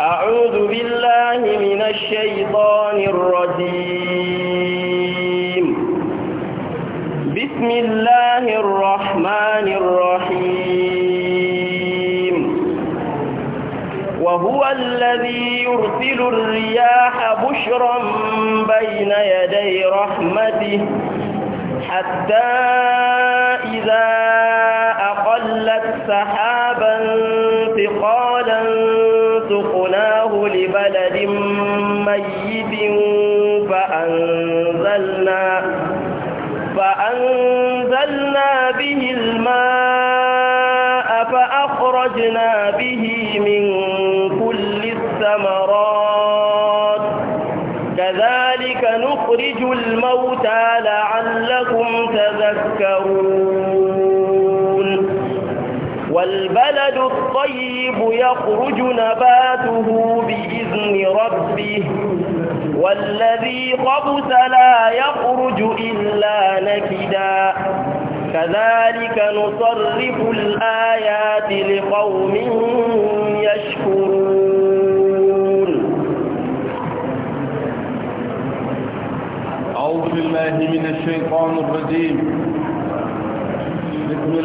أعوذ بالله من الشيطان الرجيم بسم الله الرحمن الرحيم وهو الذي يرسل الرياح بشرا بين يدي رحمته حتى إذا أقلت سحابه تذكرون والبلد الطيب يخرج نباته بإذن ربه والذي خبث لا يخرج إلا نكدا كذلك نصرف الآيات لقوم يشكرون أعوذ بالله من الشيطان الرجيم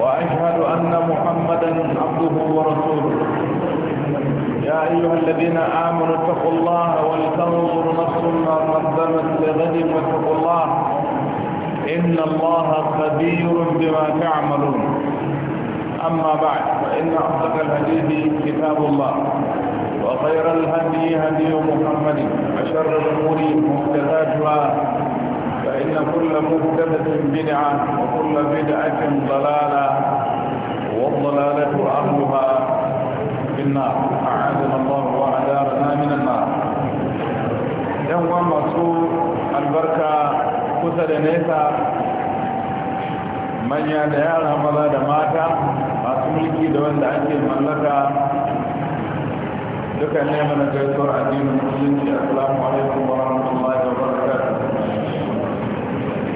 وأشهد أن محمدا عبده ورسوله يا أيها الذين آمنوا اتقوا الله ولتنظر نفس ما قدمت لغد واتقوا الله إن الله خبير بما تعملون أما بعد فإن أصدق الحديث كتاب الله وخير الهدي هدي محمد وشر الأمور محدثاتها فإن كل مهددة بدعة وكل بدعة ضلالة والضلالة أهلها في النار أعاذنا الله وأدارنا من النار يوم مسؤول البركة كسر نيسا manya da yara maza da mata masu mulki da wanda ake mallaka duka ne mana gaisuwar addinin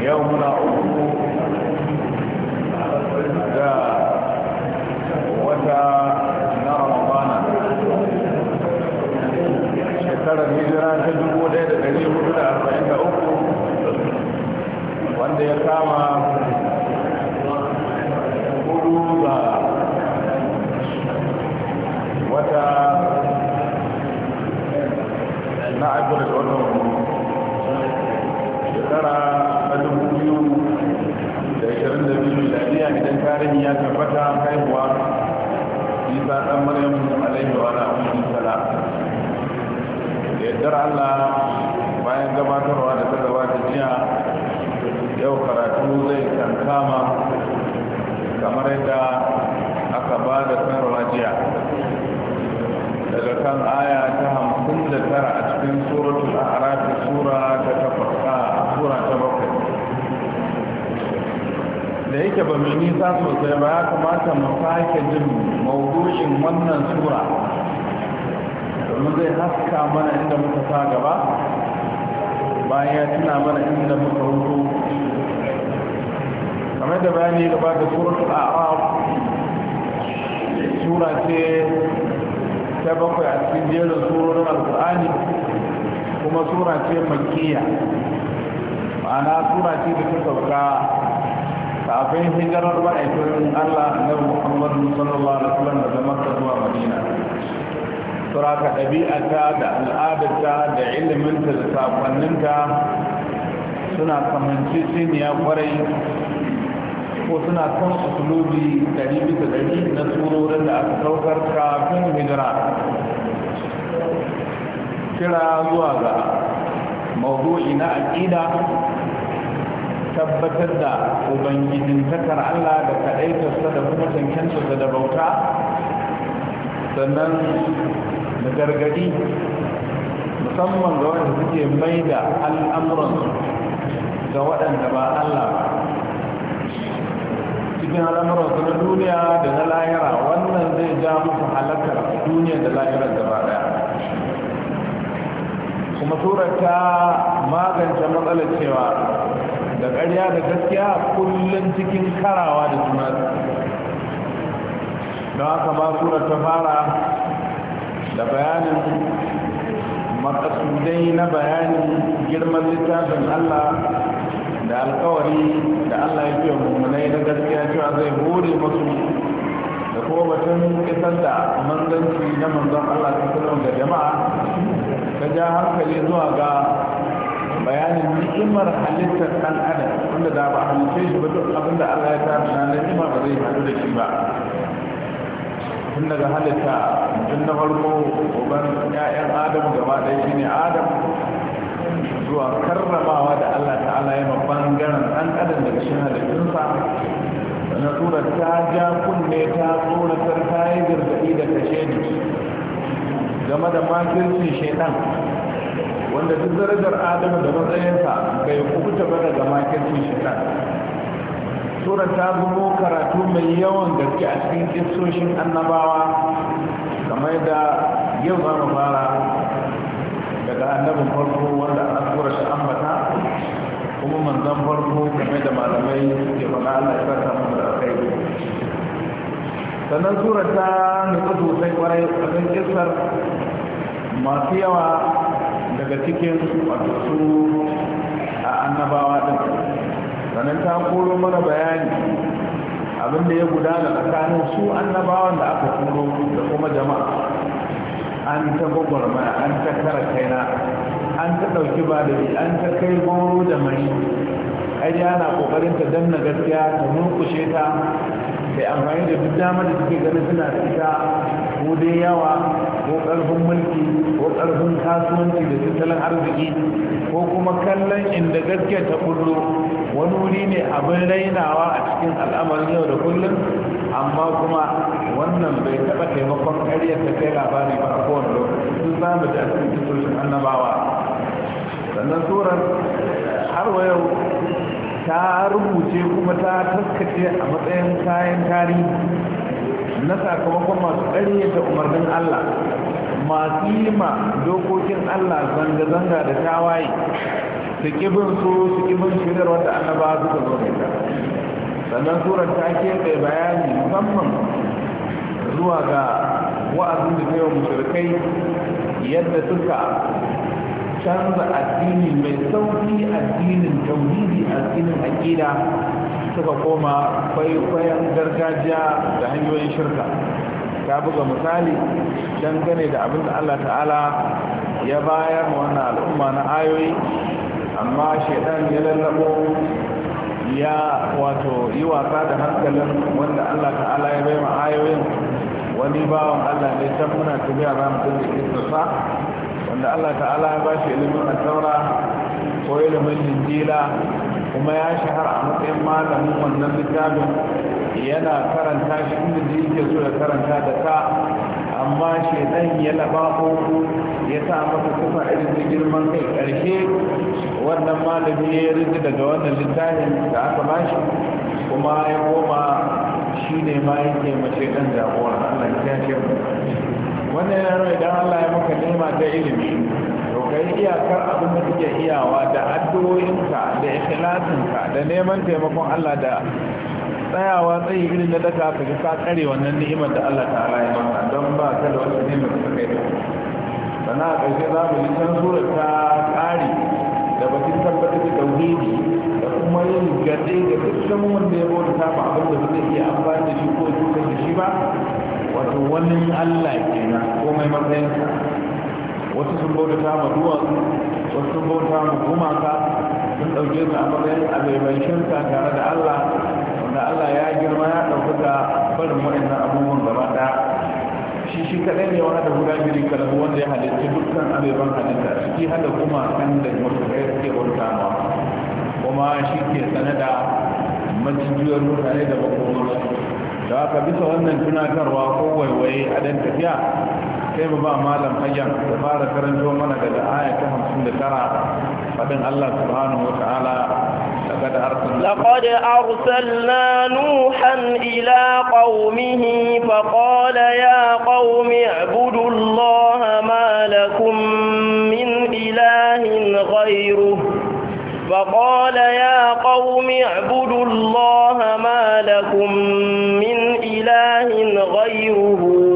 yau muna uku da wata na ramadana shekarar hijira ta dubu da da da dari hudu arba'in uku, wanda ya kama hudu ga wata na aibu da wata shekara yardar allah bayan gabatarwa da ta gabata jiya yau karatu zai kankama kamar yadda aka ba da sanarwa jiya daga kan aya ta hamsin da tara a cikin suratul a'raf sura ta takwas sura ta bakwai da yake ba mai nisa sosai ba ya kamata mu sake jin maudu'in wannan sura domin zai haska mana inda muka sa gaba bayan ya tuna mana inda muka hutu kamar da bayani gaba da suratul a'raf sura ce ta bakwai a cikin jerin surorin alkur'ani kuma sura ce makiya ma'ana sura ce da ta sauka kafin hijirar ma'aikin allah na muhammadu sallallahu alaihi wasallam zama ta zuwa madina suraka ɗabi'ata da al'adarta da iliminta da sakonninta suna kamanci siniya kwarai ko suna kan usulubi ɗari bisa ɗari na tsororin da aka saukar kafin hijira kira zuwa ga mawdu'i na aƙida tabbatar da ubangijintakar allah da kaɗaitarsa da kuma cancantarsa da bauta sannan da gargadi musamman ga wanda suke mai da al'amuran ga waɗanda ba Allah ba cikin su na duniya da na lahira wannan zai ja musu halakar duniya da lahirar gaba daya kuma turar ta magance matsalar cewa da ƙarya da gaskiya kullum cikin karawa da juna Da aka ma turar ta fara da bayanin makasudai na bayanin girman littafin Allah da alkawari da Allah ya fiye mummunai na gaskiya cewa zai hore masu da kuma batun kisar da manzanci na manzan Allah ta kullum da jama'a ta ja hankali zuwa ga bayanin ni'imar halittar ɗan adam wanda da ba halittar shi ba duk abin da Allah ya tafi na ni'ima ba zai hadu da shi ba tun daga halitta tun na farko uban 'ya'yan adam gaba ɗaya ne adam zuwa karramawa da allah ta'ala ya bangaren ɗan adam daga shi halittunsa na tura ta ja kunne ta tsoratar ta yi gargaɗi da kashe ni game da makirci wanda duk darajar adamu da matsayinsa bai kubuta ba daga makirci shaidan tura ta zubo karatu mai yawan gaske a cikin kisoshin annabawa kamar da yau za mu fara daga annabin farko wanda an tura shi ambata kuma manzan farko kamar da malamai ke faɗa Allah ya saka mu da kai sannan sura ta nufi sosai kwarai kan kisar masu yawa daga cikin wato su a annabawa din sannan ta koro mana bayani abin da ya gudana tsakanin su annabawan da aka turo da kuma jama'a an ta gwagwarmaya an ta kara kaina an ta ɗauki ba da an ta kai goro da mai ƙarya ana ƙoƙarin ta danna gaskiya ta murkushe ta sai amfani da duk dama da suke ganin suna da ko dai yawa ko ƙarfin mulki ko ƙarfin kasuwanci da tattalin arziki ko kuma kallon inda gaske ta kullu wani wuri ne abin rainawa a cikin al'amarin yau da kullum amma kuma wannan bai taɓa taimakon ƙarya ta kai labari ba a kowane lokaci sun samu da cikin annabawa sannan tsoron har wa yau ta rubuce kuma ta taskace a matsayin kayan tarihi na sakamakon masu ƙarya da umarnin allah masu yi ma dokokin Allah zanga-zanga da tawaye su kibin su su kibin shirar ana ba su zo da sannan surar ta keɓe bayani musamman zuwa ga wa'azin da zai mushrikai yadda suka canza addini mai sauki addinin tauhidi addinin aƙida suka koma kwaikwayon gargajiya da hanyoyin shirka ta buga misali dangane da abin da Allah ta'ala ya bayar wa wannan al'umma na ayoyi amma shaidan ya lallabo ya wato yi wasa da hankalin wanda Allah ta'ala ya bai ma ayoyin wani bawan Allah ne can muna tafiya za mu dinga kirkasa wanda Allah ta'ala ya ba shi ilimin al-taura ko ilimin linjila kuma ya shahara a matsayin malamin wannan littafin yana karanta shi inda da yake so ya karanta da ka amma shedan ya labako ya sa masa kufa irin da girman kai karshe wannan malami ya rinji daga wannan littafin da aka bashi kuma ya koma shi ne ma yake mace dan jagora Allah ya ce wannan yaro idan Allah ya maka nema ta ilimi kai iyakar abin da kake iyawa da addu'o'inka da ikhlasinka da neman taimakon Allah da tsayawa tsayi irin da daga ka ji ka kare wannan ni'imar da Allah ta'ala ya maka don ba ka da wata ni'imar da kai sana a ƙarshe za mu yi can surar ta ƙari da batun tabbatar da tauhidi da kuma yin gaɗe da dukkan wanda ya bauta ta ba abin da zai iya amfani da shi ko ya shi ba wato wannan Allah kenan komai matsayinsa wasu sun bauta ma duwatsu wasu sun bauta ma gumaka sun ɗauke su a matsayin abai shirka tare da allah wanda allah ya girma ya ɗaukaka barin waɗannan abubuwan gaba ɗaya shi shi kaɗai ne wani da guda biri kalahu wanda ya halitta dukkan abai halitta ciki hada gumakan da mutum suke bauta ma kuma shi ke sane da majijiyar mutane da makomarsu da aka bisa wannan tunatarwa ko waiwaye a dan tafiya sai mu ba malam ayyan da fara karanto mana daga aya ta 59 fadin Allah subhanahu wa ta'ala لقد أرسلنا لقد أرسلنا نوحا إلى قومه فقال يا قوم اعبدوا الله ما لكم من إله غيره فقال يا قوم اعبدوا الله ما لكم من إله غيره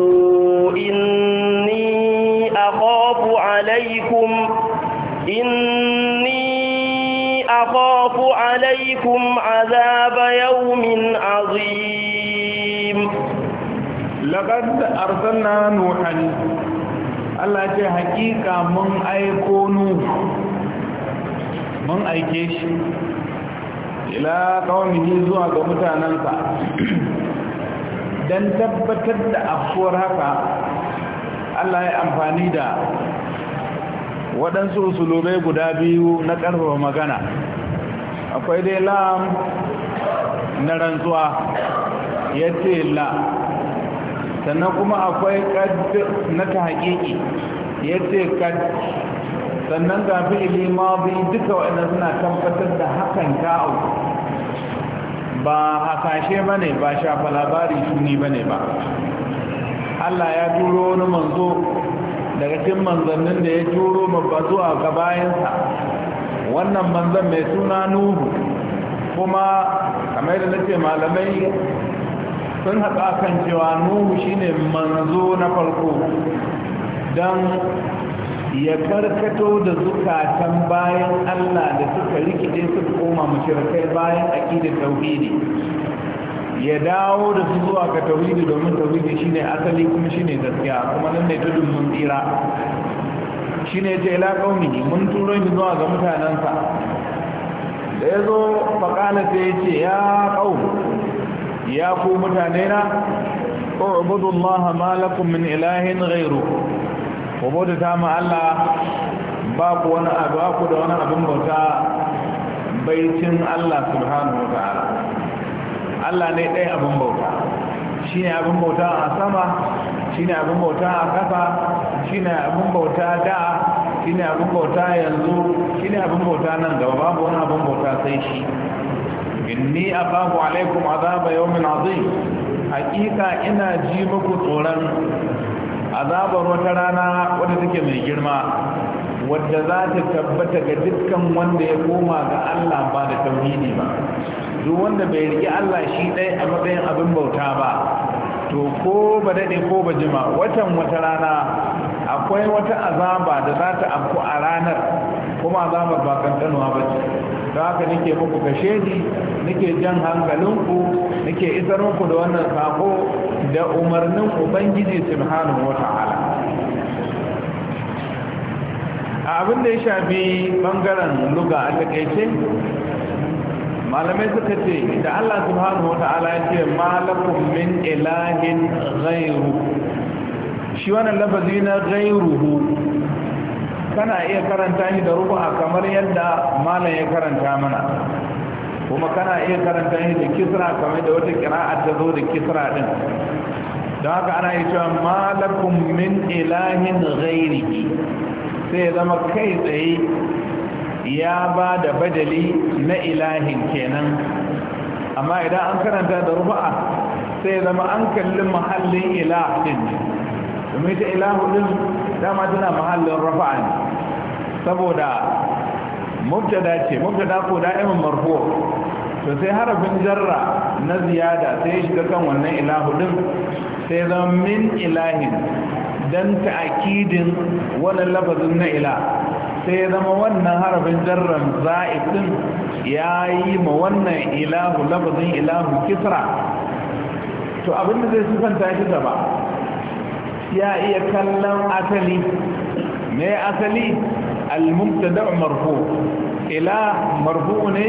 عليكم إني أخاف عليكم عذاب يوم عظيم لقد أرسلنا نوحا الله ce hakika mun aiko nu mun aike shi ila kawai zuwa ga tabbatar da afuwar haka Allah ya amfani da waɗansu usulubai guda biyu na ƙarfafa magana akwai dai lam na rantsuwa ya ce la sannan kuma akwai ƙad na ta haƙiƙi ya ce ƙad sannan ga fi'ili mazi duka waɗanda suna tabbatar da hakan ta'au ba hasashe ba ne ba shafa labari shuni ba ne ba Allah ya turo wani manzo daga cikin manzannin da ya turo babba zuwa ga bayansa wannan manzan mai suna nuhu kuma kamar da nace malamai sun haka kan cewa nuhu shine manzo na farko don ya karkato da zukatan bayan allah da suka rikide suka koma mashirkai bayan aƙidar tauhidi ya dawo da su zuwa ga tauhidi domin tauhidi shine asali kuma shine gaskiya kuma nan ne tudun mun tsira shine ya ce ila kauni mun turo shi zuwa ga mutanensa da ya zo faƙala sai ya ya ƙau ya ku mutane na ƙu'budullaha ma lakum min ilahin ghairu ku bauta ma Allah ba ku wani abu da wani abin bauta baicin Allah subhanahu wa ta'ala Allah ne ɗaya abin bauta shi ne abin bauta a sama shi ne abin bauta a ƙasa shi ne abin bauta da shi ne abin bauta yanzu shi ne abin bauta nan gaba babu wani abin bauta sai shi inni akhafu alaikum azaba yawmin azim haƙiƙa ina ji muku tsoron azabar wata rana wadda take mai girma wadda za ta tabbata ga dukkan wanda ya koma ga Allah ba da tauhidi ba duk wanda bai riƙe Allah shi ɗaya a matsayin abin bauta ba to ko ba daɗe ko ba jima watan wata rana akwai wata azaba da za ta afku a ranar kuma azabar ba kankanuwa ba ce da haka nake muku kashe ni nake jan hankalinku nake isar muku da wannan sako da umarnin ubangiji subhanahu wa ta'ala a abin da ya shafi bangaren luga a takaice malamai suka ce da Allah subhanahu wa ta'ala ya ce malakum min ilahin ghairu shi wannan lafazi na ghairuhu kana iya karanta shi da a kamar yadda malam ya karanta mana kuma kana iya karanta shi da kisra kamar da wata kira'a ta zo da kisra din don haka ana yi cewa malakum min ilahin ghairihi sai zama kai tsaye ya ba da badali na ilahin kenan amma idan an karanta da rufa'a sai zama an kalli mahallin ilahin domin ita ilahudin dama tana mahallin rufa'a ne saboda mubtada ce mubtada ko da'imin marfu to sai harafin jarra na ziyada sai shiga kan wannan ilahudin sai zama min ilahin dan ta'akidin wannan lafazin na ilah sai ya zama wannan harafin jarran za'idin ya yi ma wannan ilahu lafazin ilahu kisra to abinda zai sufanta shi gaba ya iya kallon asali ne asali al-mubtada marfu ila marfu ne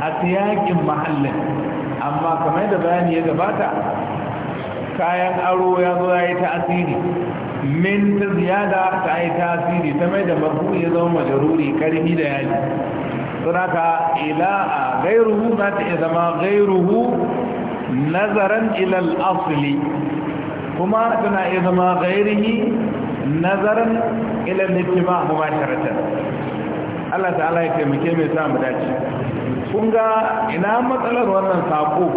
a siyakin mahallin amma kamar da bayani ya gabata kayan aro ya zo ya yi ta asiri min ta ziyada ta yi tasiri ta mai da mabu ya zama majaruri karfi da yaji suraka ila a gairuhu za ta iya zama gairuhu nazaran ilal asli kuma tana iya zama gairihi nazaran ilal littima kuma sharatar Allah ta'ala ya taimake mai sa mu dace kun ga ina matsalar wannan sako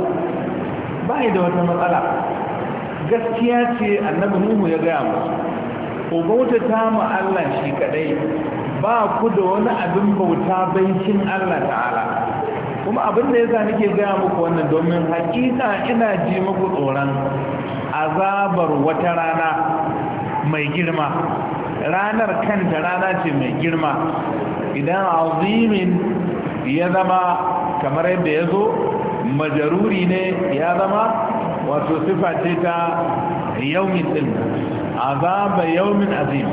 ba da wata matsala gaskiya ce annabi nuhu ya gaya musu ko bauta ta mu Allah shi kadai ba ku da wani abin bauta bankin Allah ta'ala kuma abin da yasa nake gaya muku wannan domin hakika ina ji muku tsoron azabar wata rana mai girma ranar kanta rana ce mai girma idan azimin ya zama kamar yadda ya zo majaruri ne ya zama wato sifa ce ta yawmin din azaba yawmin azim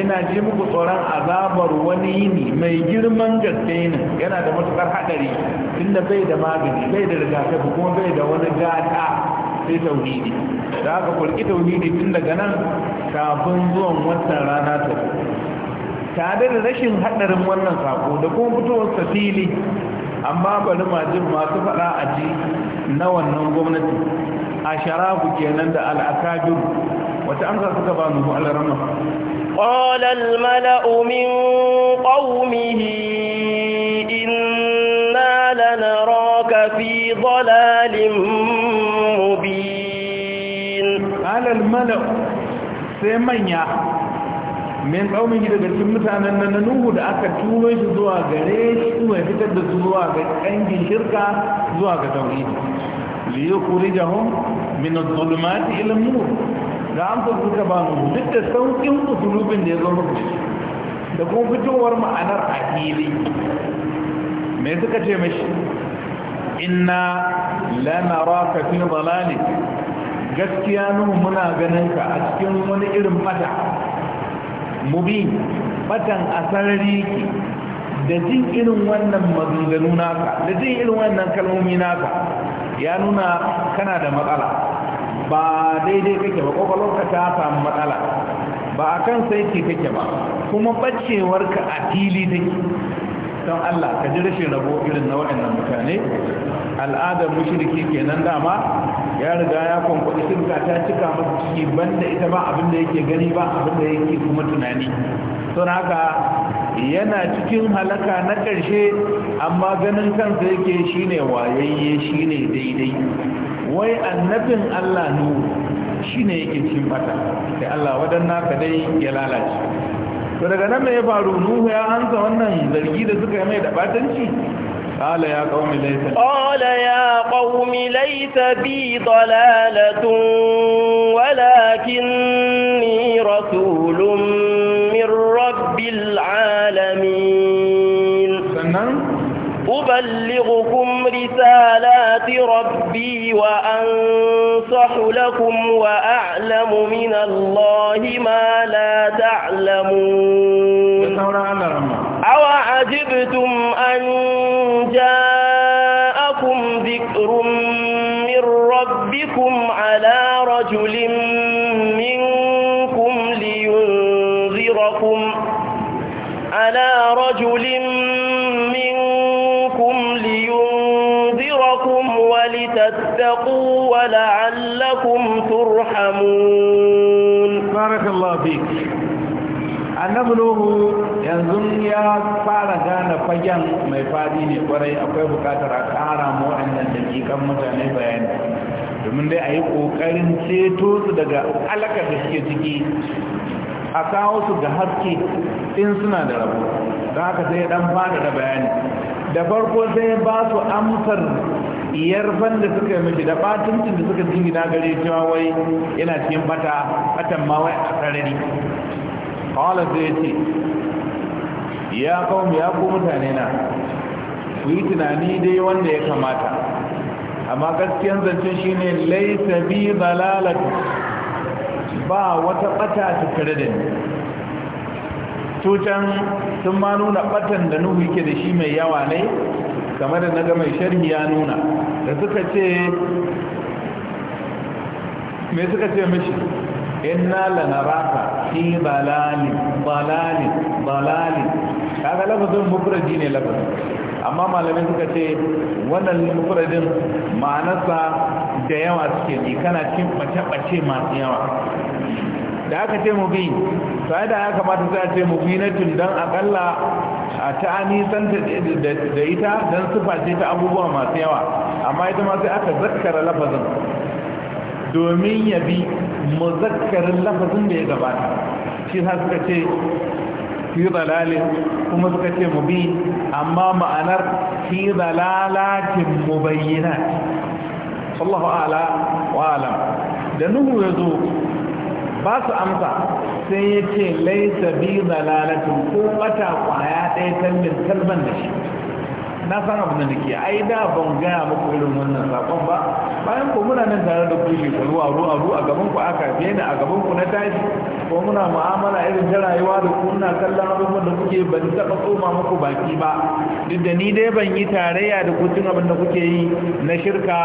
ina ji muku tsoron azabar wani yini mai girman gaske ne yana da matukar hadari tunda bai da magani bai da rigakafi kuma bai da wani gata sai tauhidi da ka kulki tauhidi tun daga nan kafin zuwan wannan rana ta tare da rashin hadarin wannan sako da kuma fitowar safili amma bari majin masu faɗa a ji na wannan gwamnati أشراف كينان دا الأكاجر وتأنظر على رمض قال الملأ من قومه إنا لنراك في ضلال مبين قال الملأ سيمنيا من قومه إذا قلت مثلا أن ننوه دا أكا تولوش زواغ ريش أنجي شركة زواغ توحيد ليخرجهم min az-zulumati ila nur da an fuka ba mu duk da saukin usulubin da ya zo muku da kuma fitowar ma'anar a fili me suka ce mashi inna lanaraka fi dalalin gaskiya nuhu muna ganin ka a cikin wani irin bata mubi batan asarari da jin irin wannan maganganu naka da jin irin wannan kalmomi naka ya nuna kana da matsala ba daidai kake ba ka ta samu matsala ba a kan saiti kake ba kuma bacewarka a fili take don Allah ka ji rashin rabo irin na waɗannan mutane al'adar mushriki kenan dama ya riga ya kwankwaɗi shirka ta cika masa ciki banda ita ba abin da yake gani ba abin da yake kuma tunani don haka yana cikin halaka na ƙarshe amma ganin kansa yake shine wayayye shine daidai wai annabin Allah nu shine yake cikin bata sai Allah wadanna ka dai ya lalace to daga nan me ya faru nuhu ya ansa wannan zargi da suka yi mai da batanci قال يا قوم ليس قال يا قوم ليس بي ضلالة ولكني رسول من أبلغكم رسالات ربي وأنصح لكم وأعلم من الله ما لا تعلمون أو عجبتم لعلكم ترحمون بارك الله فيك yanzu ya fara gane fagen mai fadi ne kwarai akwai bukatar a kara mu wannan dakikan mutane bayani domin dai a yi kokarin ceto su daga alakar da suke ciki a kawo su ga haske in suna da rabo don haka sai dan fada da bayani da farko sai ba su amsar yarfan da suka mishi da batuncin da suka jingina gare cewa wai yana cikin bata batan ma wai a sarari kawala zai ce ya kawo ya ku mutane na ku yi tunani dai wanda ya kamata amma gaskiyan zance ne laisa bi zalalatu ba wata bata ta tare da ni tutan sun ma nuna batan da nuhu yake da shi mai yawa ne kamar da na ga mai sharhi ya nuna da suka ce me suka ce mishi inna lanaraka fi balali balali balali kaga lafazin mufradi ne lafazin amma malamai suka ce wannan mufradin ma'anarsa da yawa suke ji kana cin bace-bace masu yawa da aka ce mu bi sai da aka mata sai a ce mu bi na tun don akalla a ta nisanta da ita don sufa ta abubuwa masu yawa amma ita ma sai aka zakkara lafazin domin ya bi muzakkarin lafazin da ya gabata shi sa suka ce fi zalalin kuma suka ce mu bi amma ma'anar fi zalalatin mubayyana sallahu ala wa ala da nuhu ya zo ba su amsa sai ya ce laisa bi zalalatin ko bata kwaya ɗaya min talban da shi na san abu da nake ai da ban gaya muku irin wannan sakon ba bayan ko muna nan tare da ku shekaru a ruwa a gaban ku aka fiye ni a gaban ku na tashi ko muna mu'amala irin ta rayuwa da ku muna kallon abubuwan da kuke ban taɓa tsoma muku baki ba duk da ni dai ban yi tarayya da ku cin abin da kuke yi na shirka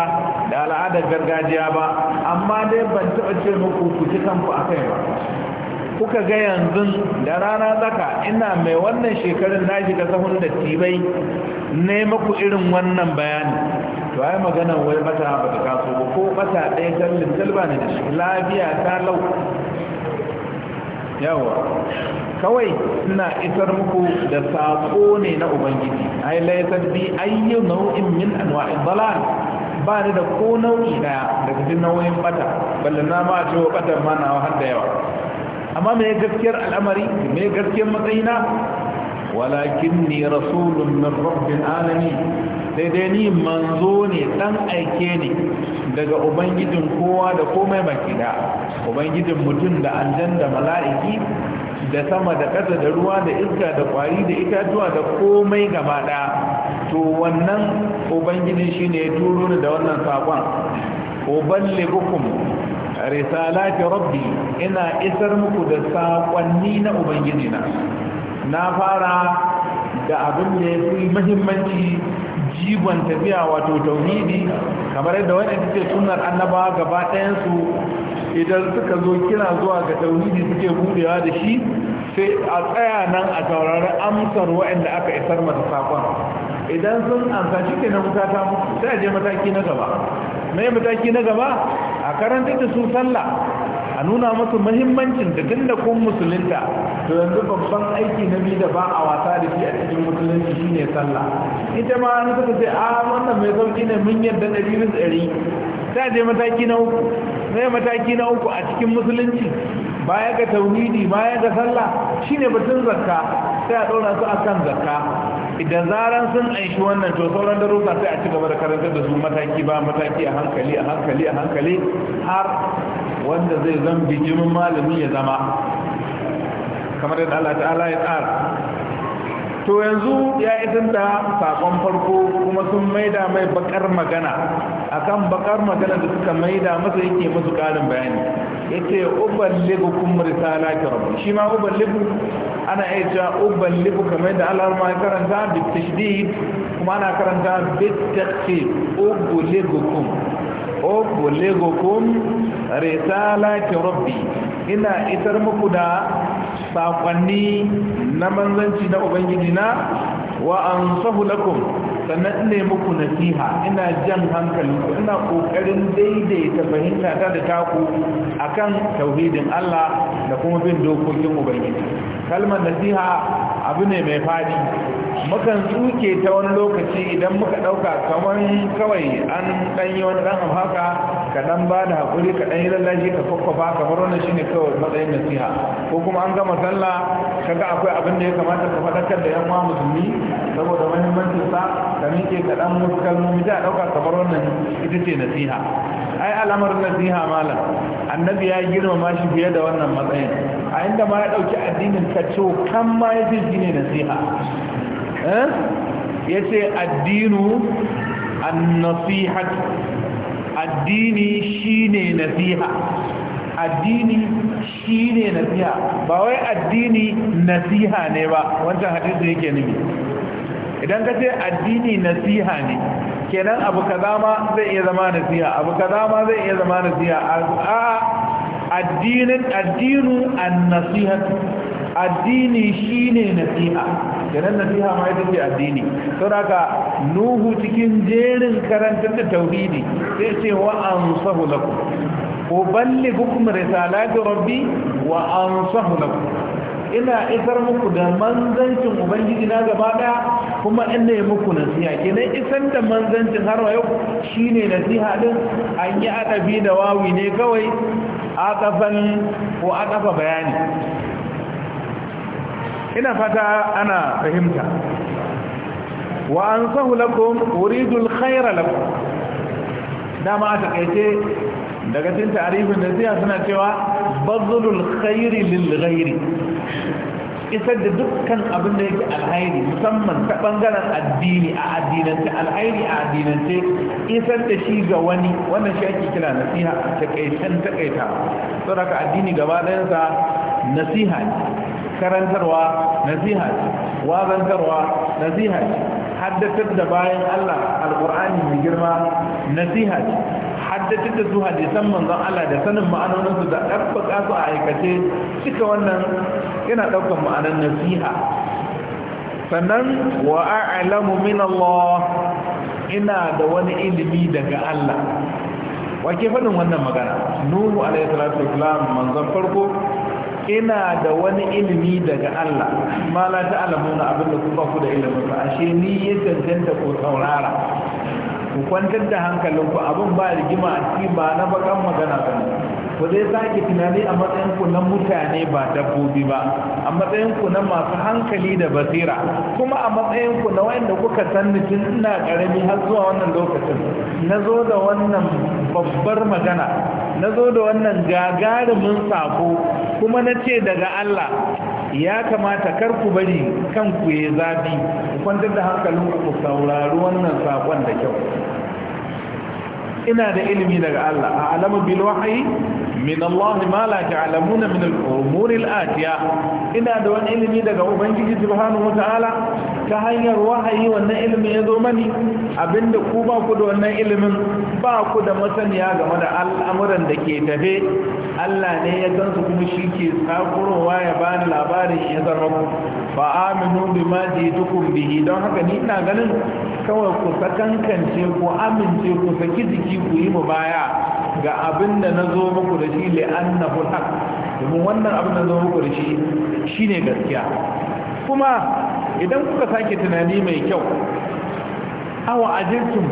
da al'adar gargajiya ba amma dai ban taɓa ce muku ku ci kanku a kai ba kuka ga yanzu da rana tsaka ina mai wannan shekarun na shiga sahun da tibai ne maku irin wannan bayani to ai magana wai bata ba ta kaso ba ko mata ɗaya kallin talba ne da shi lafiya ta lau yawa kawai suna isar muku da saƙo ne na ubangiji ai laifar bi ayyu nau'in min anwa'id dalal ba ni da ko nau'i daya daga cikin nau'in bata na ma ce bata ma na har da yawa amma mai gaskiyar al'amari mai gaskiyar matsayina walakin ne rasulun min rabbin alami sai dai ni manzo ne dan aike ne daga ubangijin kowa da komai makida ubangijin mutum da anjan da mala'iki da sama da ƙasa da ruwa da iska da kwari da itatuwa da komai gaba ɗaya to wannan ubangiji shine ya turo ni da wannan saƙon uballighukum risalati rabbi ina isar muku da saƙonni na ubangiji na na fara da abin da ya fi muhimmanci jibon tafiya wato tauhidi kamar yadda wani suke sunar annaba gaba ɗayan su idan suka zo kira zuwa ga tauhidi suke budewa da shi sai a tsaya nan a taurari amsar waɗanda aka isar masa saƙon idan sun amsa shi ke na mutata sai a je mataki na gaba mai mataki na gaba karanta da su sallah a nuna masu mahimmancin da tun da kun musulunta to yanzu babban aiki na biyu da ba a wasa da shi a cikin musulunci shine sallah ita ma an suka ce a ah, wannan mai sauki ne mun yarda biyu da tsari ta je mataki na uku mataki na uku a cikin musulunci baya ga tauhidi baya ga sallah shine batun zakka sai a dora su akan zakka idan zaran sun aishi wannan to sauran darussa sai a ci gaba da karantar da su mataki ba mataki a hankali a hankali a hankali har wanda zai zan bijimin malami ya zama kamar yadda Allah ta'ala ya tsara to yanzu ya isin da sakon farko kuma sun maida mai bakar magana akan bakar magana da suka maida masa yake musu karin bayani yace uballighukum risalati rabbi shi ma uballighu ana iya cewa uballighu kamar da Allah ma karanta bi tashdid kuma ana karanta bi taqi uballighukum uballighukum risalati rabbi ina isar muku da saƙonni na manzanci na ubangiji na wa an sahu lakum sannan ne muku nasiha ina jan hankali ina ƙoƙarin daidaita fahimta ta da taku akan tauhidin Allah da kuma bin dokokin ubangiji kalmar nasiha abu ne mai fadi mukan tsuke ta wani lokaci idan muka ɗauka kamar kawai an ɗanyi wani ɗan haka Kaɗan ba da hakuri kaɗan dan yi lallashi ka kwakwafa kamar wannan shine kawai matsayin nasiha ko kuma an gama sallah kaga akwai abin da ya kamata ka faɗakar da yan uwa musulmi saboda muhimmancin sa ka miƙe kaɗan dan musu kalmomi da ɗauka kamar wannan ita ce nasiha ai alamar nasiha malam annabi ya girmama shi fiye da wannan matsayin a inda ma ya ɗauki addinin kacau kan ma ya ce ne nasiha eh? ya ce addinu an nasihatu addini shine nasiha addini shine nasiha ba wai addini nasiha ne ba wancan hadisi yake nufi idan ka ce addini nasiha ne kenan abu kaza ma zai iya zama nasiha abu kaza ma zai iya zama nasiha a addinin addinu an-nasihatu addini shine nasiha kenan nasiha ma take addini saboda nuhu cikin jerin karantar da tauhidi sai ce wa ansahu lakum uballighukum risalati rabbi wa ansahu lakum ina isar muku da manzancin ubangiji na gaba daya kuma ina yi muku nasiha kenan isar da manzancin har wa yau shine nasiha din an yi adabi da wawi ne kawai a kafan ko a kafa bayani ina fata ana fahimta wa an sahu lakum uridul khaira lakum dama a takaice daga cikin tarihin da siya suna cewa bazulul khairi lil ghairi isar da dukkan abin da yake alhairi musamman ta bangaren addini a addinance alhairi a addinance isar da shi ga wani wannan shi ake kira nasiha ta kaitan ta kaita saboda addini gaba ɗayansa nasiha ne karantarwa nasiha ce wazantarwa nasiha ce haddatar da bayan Allah Alƙur'ani mai girma nasiha ce haddatar da su hadisan manzon Allah da sanin ma'anonin da ɗabbaka su a aikace cika wannan yana ɗaukar ma'anar nasiha sannan wa a'lamu min Allah ina da wani ilimi daga Allah wake faɗin wannan magana nuhu alaihi salatu wasalam manzon farko ina da wani ilimi daga Allah ma la alamuna abinda ku ba ku da ilimin ba ashe ni ya danganta ko saurara ku kwantar da hankalinku abin ba rigima a ciki ba na bakan magana ba ku zai ki tunani a matsayinku na mutane ba dabbobi ba a matsayinku na masu hankali da basira kuma a matsayinku na wayanda kuka san ni tun ina karami har zuwa wannan lokacin na zo da wannan babbar magana na zo da wannan gagarumin sako kuma na ce daga Allah ya kamata kar ku bari kanku ya zafi ku kwantar da hankalinku ku saurari wannan sakon da kyau ina da ilimi daga Allah a alama bil wahayi min Allah ma la ta'lamuna min al-umuri al-atiya ina da wani ilimi daga ubangiji subhanahu wata'ala ta hanyar wahayi wannan ilimi ya zo mani abinda ku ba ku da wannan ilimin ba ku da masaniya game da al'amuran da ke tafe Allah ne ya gansu kuma shi ke sakurowa ya bani labarin ya zama ku fa aminu bima jitukum bihi don haka ni ina ganin kawai ku sakankance ku amince ku saki jiki ku yi mu baya ga abin da na zo muku da shi li'annahu haq domin wannan abin da zo muku da shi shine gaskiya kuma idan kuka sake tunani mai kyau awa ajirtum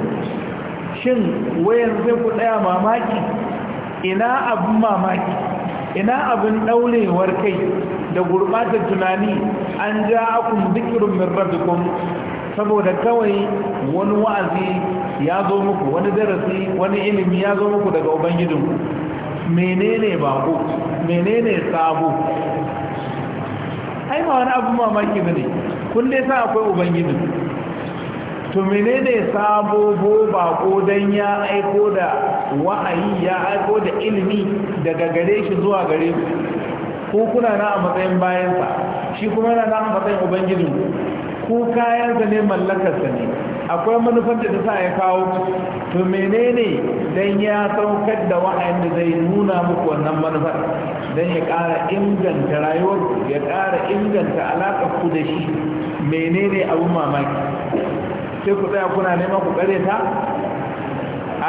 shin wayan zai ku daya mamaki ina abin mamaki ina abin daulewar kai da gurbatar tunani an ja akun zikirun min rabbikum saboda kawai wani wa'azi ya zo muku wani darasi wani ilimi ya zo muku daga ubangijinku menene bako menene sabo ai ma wani abu mamaki bane kun dai sa akwai ubangidin. to menene sabo bo bako dan ya aiko da wa'ayi ya aiko da ilimi daga gare shi zuwa gare ku ko kuna na a matsayin bayansa shi kuma yana na a matsayin ko kayansa ne mallakarsa ne akwai manufar da ta sa ya kawo to menene dan ya saukar da wa'ayin da zai nuna muku wannan manufar dan ya ƙara inganta rayuwar ya ƙara inganta alaƙar ku da shi menene abun mamaki sai ku tsaya kuna neman ku kare ta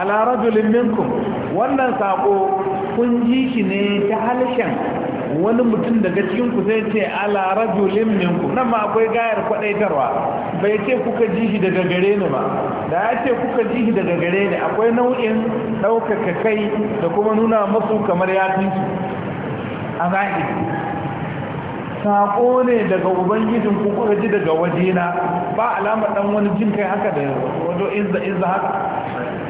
ala rajulin minkum wannan sako kun ji shi ne ta halshen wani mutum daga cikin ku zai ce ala rajulin minku nan ma akwai gayar kwadaitarwa bai ce kuka ji shi daga gare ni ba da ya ce kuka ji shi daga gare ni akwai nau'in ɗaukaka kai da kuma nuna masu kamar ya su a zahiri saƙo ne daga ubangijin ku kuka ji daga wajena ba alamar dan wani jin kai haka da wato izza izza haka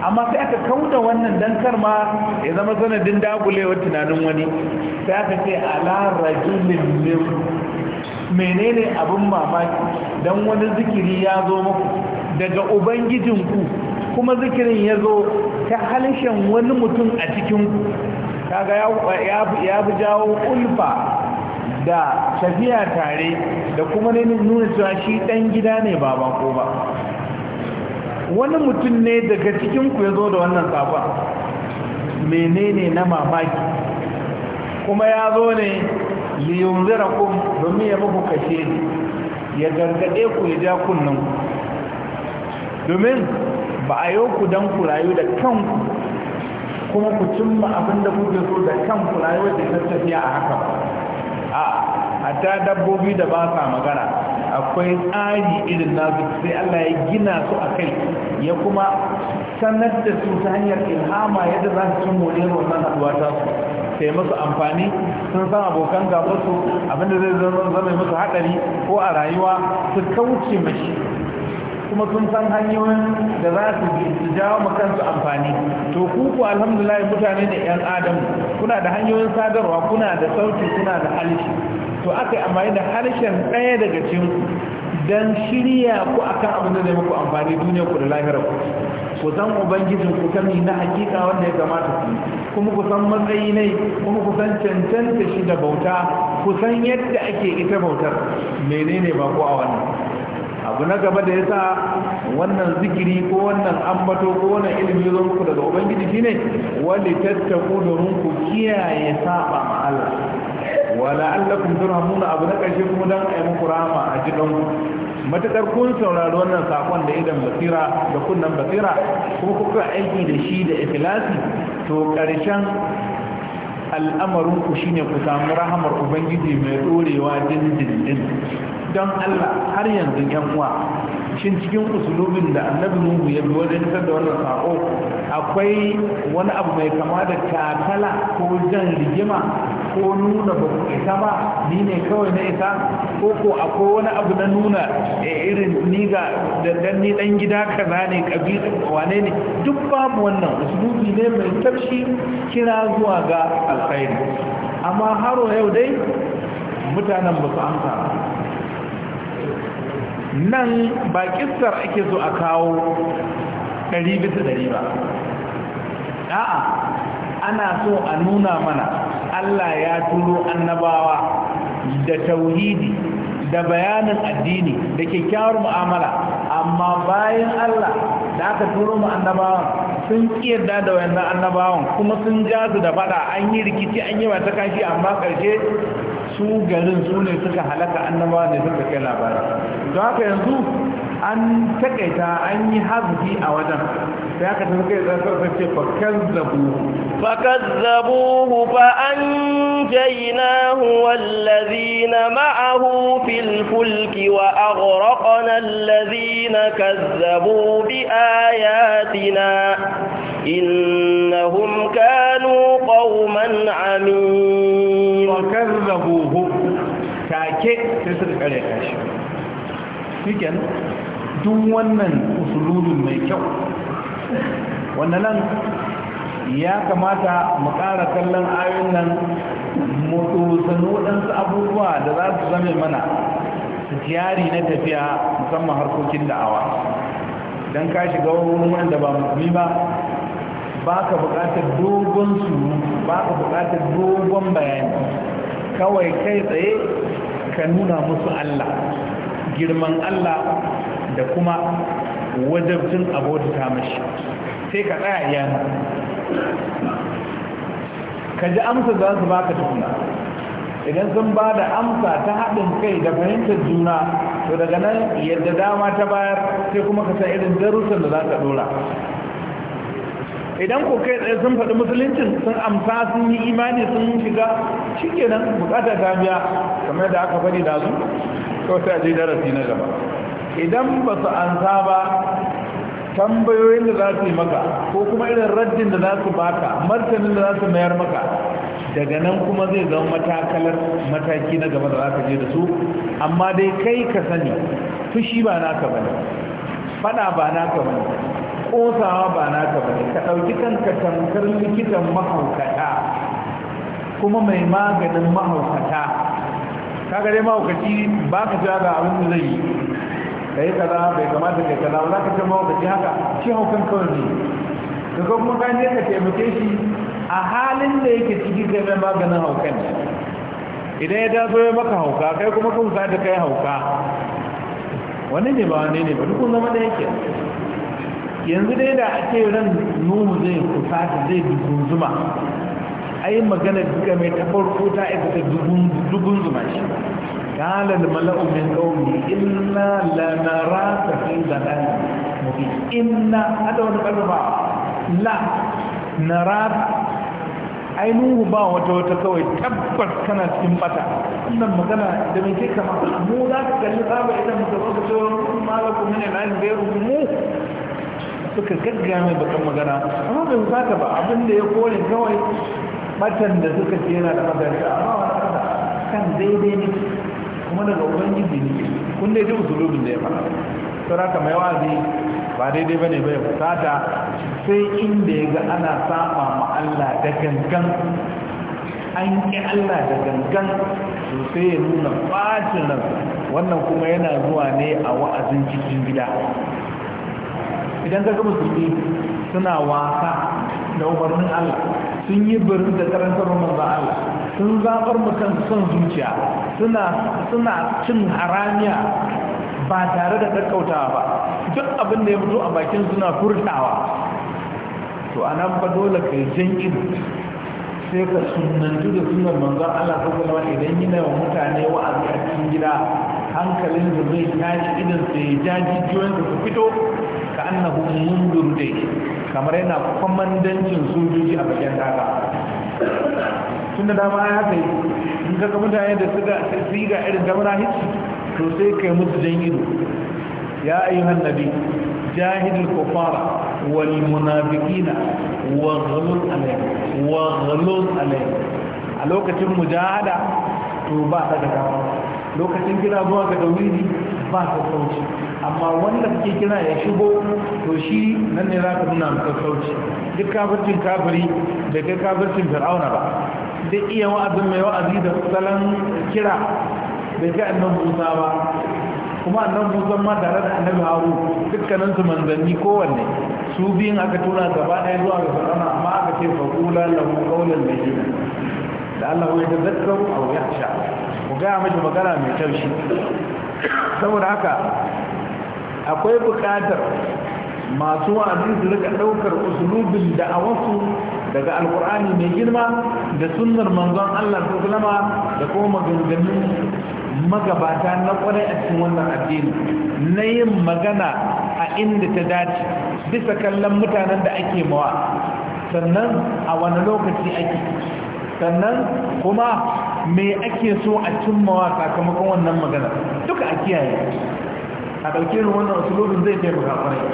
amma sai aka kauda wannan dan ma ya zama sanadin dagulewar tunanin wani sai aka ce ala rajulin min menene abin mamaki dan wani zikiri ya zo muku daga ubangijinku kuma zikirin ya zo ta halishin wani mutum a cikin kaga ya fi jawo ulfa da tafiya tare da kuma ne nuna cewa shi dan gida ne ba bako ba wani mutum ne daga cikinku ya zo da wannan safa menene na mamaki kuma ya zo ne liyun zirakun domin ya muku kashe ya gargaɗe ku ya ja kunnen domin ba a yi ku don ku rayu da kanku kuma ku cimma abin da kuke so da kanku rayu da tafiya a haka a ta dabbobi da ba sa magana akwai tsari irin nasu sai Allah ya gina su a kai ya kuma sanar da su ta hanyar ilhama yadda za su cin moriyar wannan haɗuwa ta su sai musu amfani sun san abokan gabansu abinda zai zama musu haɗari ko a rayuwa su kauce mashi kuma sun san hanyoyin da za su jawo kansu amfani to ku ku alhamdulillah mutane da 'yan adam kuna da hanyoyin sadarwa kuna da sauti kuna da halishi to aka yi amfani da harshen ɗaya daga cikin don shirya ku akan abin da zai muku amfani duniya ku da lahirar ku ku san ubangijin ku kan na hakika wanda ya kamata ku kuma ku san matsayi ne kuma ku san cancanta shi da bauta ku san yadda ake ita bautar menene ba ku a wannan abu na gaba da yasa wannan zikiri ko wannan ambato ko wannan ilimi zo muku daga ubangiji shine ya tattaku domin ku kiyaye saba ma Allah wa la'allakum turhamuna abu na karshe kuma dan ayi muku rahama a gidan matakar kun saurari wannan sakon da idan basira da kunnan basira kuma kuka aiki da shi da ikhlasi to ƙarshen al'amarin ku shine ku samu rahamar ubangiji mai dorewa dindindin don Allah har yanzu yan uwa shin cikin usulubin da annabi nuhu ya biyo wajen isar da wannan sako akwai wani abu mai kama da takala ko jan rigima ko nuna ba ku isa ba ni ne kawai na isa ko ko akwai wani abu na nuna eh, irin ni ga dandan ni dan gida kaza ne kabila wane ne duk babu wannan usulubi ne mai tafshi kira zuwa ga alkhairi amma haro yau dai mutanen ba su amsa nan ba kistar ake so a kawo ɗari bisa ɗari ba a'a ana so a nuna mana Allah ya turo annabawa da tauhidi da bayanin addini da kyakkyawar mu'amala amma bayan Allah da aka turo mu annabawan sun kiyarda da wayannan annabawan kuma sun jazu da fada an yi rikici an yi ta kashi amma karshe su garin su ne suka halaka annabawa ne suka kai labari don haka yanzu an takaita an yi hazbi a wajen sai aka tafi kai tsarkar sun ce fakkan zabu fakkan zabu fa an jaina wallazina ma'ahu fil fulki wa aghraqna allazina kazzabu bi ayatina innahum kanu qauman amin fakkan zabu take sai suka kare kashi duk wannan usulun mai kyau Wannan nan ya kamata mu ƙara kallon ayoyin nan mu waɗansu abubuwa da za su zame mana su tiyari na tafiya musamman harkokin da'awa don ka shiga wurin wanda ba musulmi ba ba ka buƙatar dogon su ba ka buƙatar dogon bayani kawai kai tsaye ka nuna musu Allah girman Allah da kuma wajabcin abota mashi sai ka tsaya yana ka ji amsa za su baka tukuna. idan sun ba da amsa ta haɗin kai da fahimtar juna to daga nan yadda dama ta bayar sai kuma ka sa irin darussan da za ka dora idan ku kai tsaye sun faɗi musuluncin sun amsa sun yi imani sun shiga shi kenan bukatar ta biya kamar da aka faɗi da su kawai sai a je darasi na gaba idan ba su ansa ba tambayoyin da za su yi maka ko kuma irin raddin da za su baka martanin da za su mayar maka daga nan kuma zai zama matakalar mataki na gaba da za ka je da su amma dai kai ka sani fushi ba naka ba ne fada ba naka ba ne kosawa ba naka ba ne ka ɗauki kanka tamkar likitan mahaukata kuma mai maganin mahaukata kaga dai mahaukaci ba ka ga abin da zai yi ka kaza bai kamata kai kaza ba za ka cimma wata haka shi haukan kawai ne da kuma kuma kan ka taimake shi a halin da yake ciki zai mai maganin haukan idan ya dazo ya maka hauka kai kuma kun sa da kai hauka wani ne ba wani ne ba duk zama da yake yanzu dai da ake ce ran nuhu zai kusa ta zai dubun zuma ai magana duka mai ta ta aikata dubun قال الملأ من قومي إنا لنراك في ضلال مبين إنا هذا هو القلب لا نراك أي نوه با wata wata kawai tabbas kana cikin bata wannan magana da mai kai kama mu za ka kalli tsaba ita mu gaba ka cewa suka gaggawa mai bakan magana amma bai husata ba abin da ya kone kawai matan da suka jera da magana amma wani kan daidai ne kuma daga ubangiji ne kun ne ji usulubin da ya fara sai kama mai zai ba daidai bane ne bai fusata sai inda ya ga ana saba ma Allah da gangan an yi Allah da gangan sosai ya nuna bacin nan wannan kuma yana zuwa ne a wa'azin cikin gida idan ka ga musulmi suna wasa da umarnin Allah sun yi birnin da karantar manzan Allah sun zabar mutum son zuciya suna cin haramiya ba tare da ɗarkautawa ba duk abin da ya fito a bakin suna furtawa to a nan ba dole kai jankin sai ka sunantu da sunan manzon Allah ta idan yana wa mutane wa'azi a cikin gida hankalin da zai tashi idan sai ya ja jijiyoyin da su fito ka annahu mundur dai kamar yana kwamandancin sojoji a bakin daga tunda da dama ya kai in ka ga mutane da suka ga irin damar hicci to sai kai musu jan ido ya ayyuhan nabi jahidul kufara wal munafiqina wa ghalul alayhim wa ghalul alayhim a lokacin mujahada to ba ta da lokacin kira zuwa ga tauhidi ba ta sauci amma wanda kake kira ya shigo to shi nan ne za ka nuna maka sauci duk kafircin kafiri da kai kafircin fir'auna ba da iya wa'azin mai wa'azi da salon kira bai ga annan musa ba kuma annan musa ma tare da annabi haru dukkanin su manzanni kowanne su biyun aka tura gaba ɗaya zuwa ga sarana amma aka ce faƙula lahu ƙaunar mai jina da Allah ya tazakkaru a wuya sha ku gaya mashi magana mai taushi saboda haka akwai buƙatar masu wa'azi su rika ɗaukar usulubin da a wasu daga alkur'ani mai girma da sunnar manzon Allah sallama da kuma maganganun magabata na kwarai a cikin wannan addini na yin magana a inda ta dace bisa kallon mutanen da ake mawa sannan a wani lokaci ake sannan kuma me ake so a cimmawa sakamakon wannan magana duka a kiyaye a ɗauke wannan usulobin zai taimaka kwarai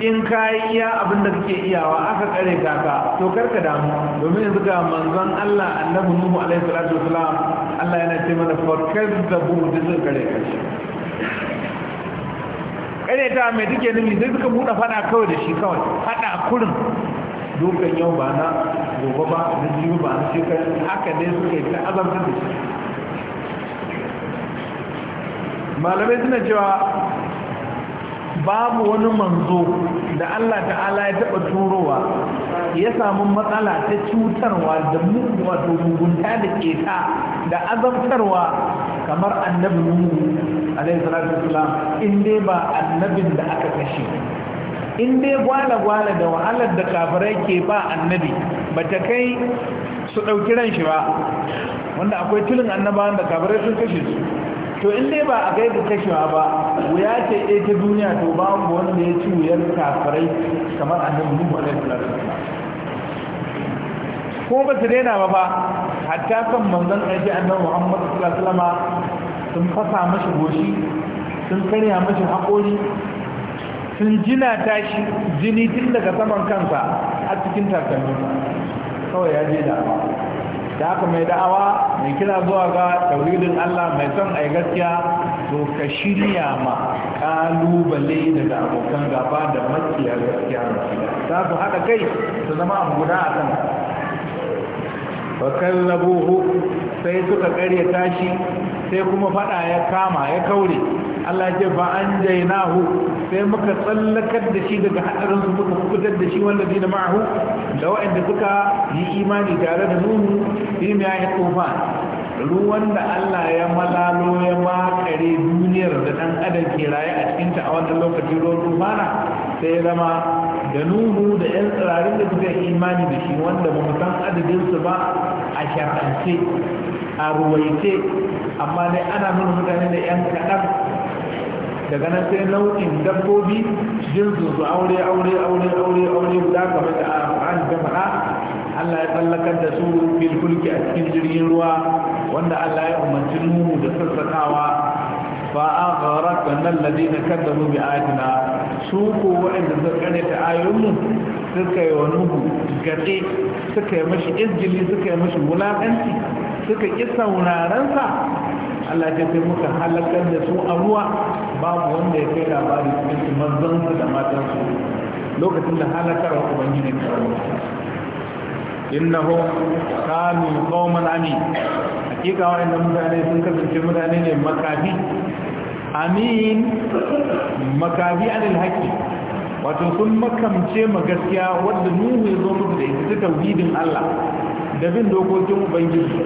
in ka yi iya abin da kake iyawa aka kare kaka to karka damu domin yanzu ga manzon Allah annabi Nuhu alaihi salatu wasalam Allah yana ce mana fa kazzabu da zai kare ka kare ta mai take nufi sai suka buɗe fada kawai da shi kawai fada kurin dukan yau ba na gobe ba da jiyo ba na shekaru haka dai suka yi ta azabtar da shi malamai suna cewa babu wani manzo da Allah ta'ala ya taɓa turowa ya samu matsala ta cutarwa da wato mugunta da keta da azabtarwa kamar annabi nuhu alaihi salatu wasalam in dai ba annabin da aka kashe in dai gwala-gwala da wahalar da kafirai ke ba annabi ba ta kai su ɗauki ran shi ba wanda akwai tulin annabawan da kafirai sun kashe su to in dai ba a kai da kashewa ba wuya ce ɗaya ta duniya to babu wanda ya ci wuyar kafirai kamar annabi nuhu alaihi salatu ko ba su daina ba ba hatta kan manzon aiki annabi muhammad sallallahu alaihi wasallam sun fasa mashi goshi sun karya mashi haƙori sun jina tashi jini tun daga saman kansa a cikin takalmi kawai ya je da da aka mai da'awa mai kira zuwa ga tauridin Allah mai son a gaskiya to ka shirya ma kalubale daga abokan gaba da makiya gaskiya za su haɗa kai su zama abu guda a kan bakar sai suka karya tashi sai kuma faɗa ya kama ya kaure Allah ce ba an jainahu sai muka tsallakar da shi daga hadarin su muka fitar da shi wanda zina da ma'ahu da waɗanda suka yi imani tare da nuhu shi ya yi tsofa ruwan da Allah ya malalo ya makare duniyar da dan adam ke raye a cikin ta a wannan lokaci ruwan tufana sai ya zama da nuhu da yan tsirarin da suka imani da shi wanda ba mu san adadin su ba a shar'ance a ruwaice amma dai ana nuna mutane da yan kaɗan daga nan sai nau'in dabbobi jinsu su aure aure aure aure aure guda kamar da an ta Allah ya tsallakar da su bil fulki a cikin jirgin ruwa wanda Allah ya umarci Nuhu da sassakawa fa aghraqna alladhina kadzabu bi ayatina su ko wa'anda suka kare ta ayoyinmu suka yi wa Nuhu suka yi mashi izjili suka yi mashi wulakanci suka ƙi saurarensa Allah ya sai muka halakar da su a ruwa babu wanda ya kai labari cikin su da matansu lokacin da halakarwa ubangiji ne karamu innahu kanu qauman Amin. hakika wa'annan mutane sun kasance mutane ne makafi amin makafi anil haqqi wato sun makamce ma gaskiya wanda nuhu ya zo da ita tauhidin Allah da bin dokokin ubangiji